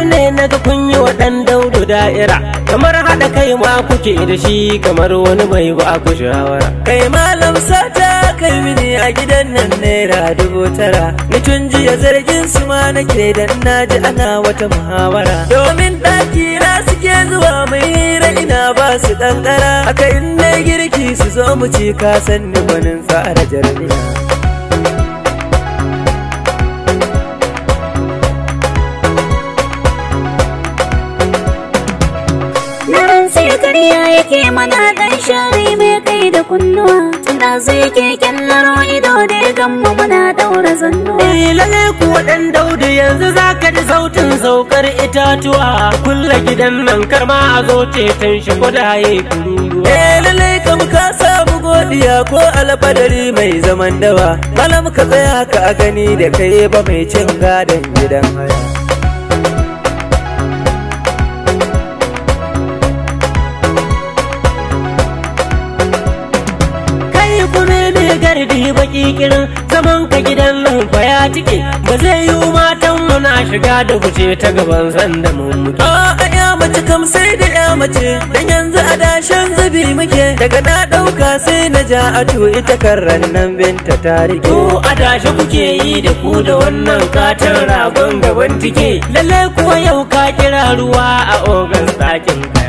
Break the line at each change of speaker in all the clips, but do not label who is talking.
wani ne naga kunyi kunyi wa ɗan daudu da'ira kamar haɗa kai ma kuke da shi kamar wani mai ba ku shawara kai malam sata kai mini a gidan nan naira dubu tara ni tun jiya zargin su ma na ke da ji ana wata muhawara domin ɗaki na suke zuwa mai hira ina ba su ɗanɗara haka in na girki su zo mu ci ka san ni wani tsara jarabiya ya yake mana dan shari mai kai da kunnuwa tunda zai ke kyallaro ido da ya gamma muna daura zannu eh lalle kuwa dan daudu yanzu zaka ji sautin saukar itatuwa kulla gidan nan karma a zo ceton shi ko da yayi kururuwa eh lalle kam ka samu godiya ko alfadari mai zaman dawa malam ka tsaya ka a gani da kai ba mai cin gadon gidan haya gardi baki kirin zaman ka gidan nan fa ya tike ba zai yi matan mu na shiga da guje ta gaban zan da mu mutu a ya mace kam sai da ya mace dan yanzu a dashen zabi muke daga na dauka sai na ja a to ita karran nan binta ta rike ko a dashe kuke yi da ku da wannan katon ragon gaban tike lalle kuwa yau ka kira ruwa a ogan sakin ka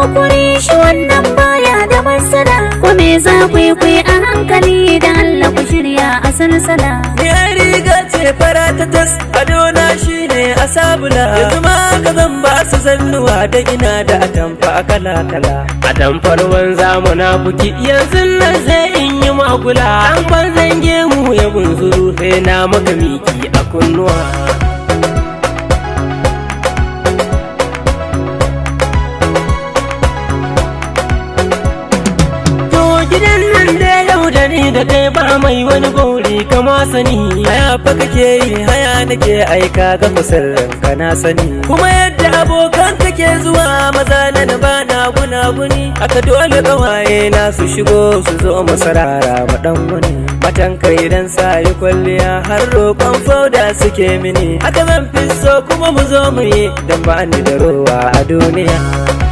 haƙuri shi wannan baya da masana ko za ku yi ku yi a hankali da Allah ku shirya a salsala ya riga ce fara ta tas adona shi ne a sabula yanzu ma ka zan ba su zannuwa da ina da atamfa a kala kala atamfar wanza buki. yanzu nan zai in yi magula an zange mu ya bunzuru sai na maka miki a kunnuwa da kai ba mai wani gori ma sani haya fa kake yi haya nake aika ga musallin ka na sani kuma yadda abokan kake zuwa maza na ba na guna guni aka dole kawaye na su shigo su zo mu sarara dan wani. matan ka idan sa yi kwalliya har roƙon fauda suke mini haka zan fi so kuma mu zo mu yi dan ba ni da ruwa a duniya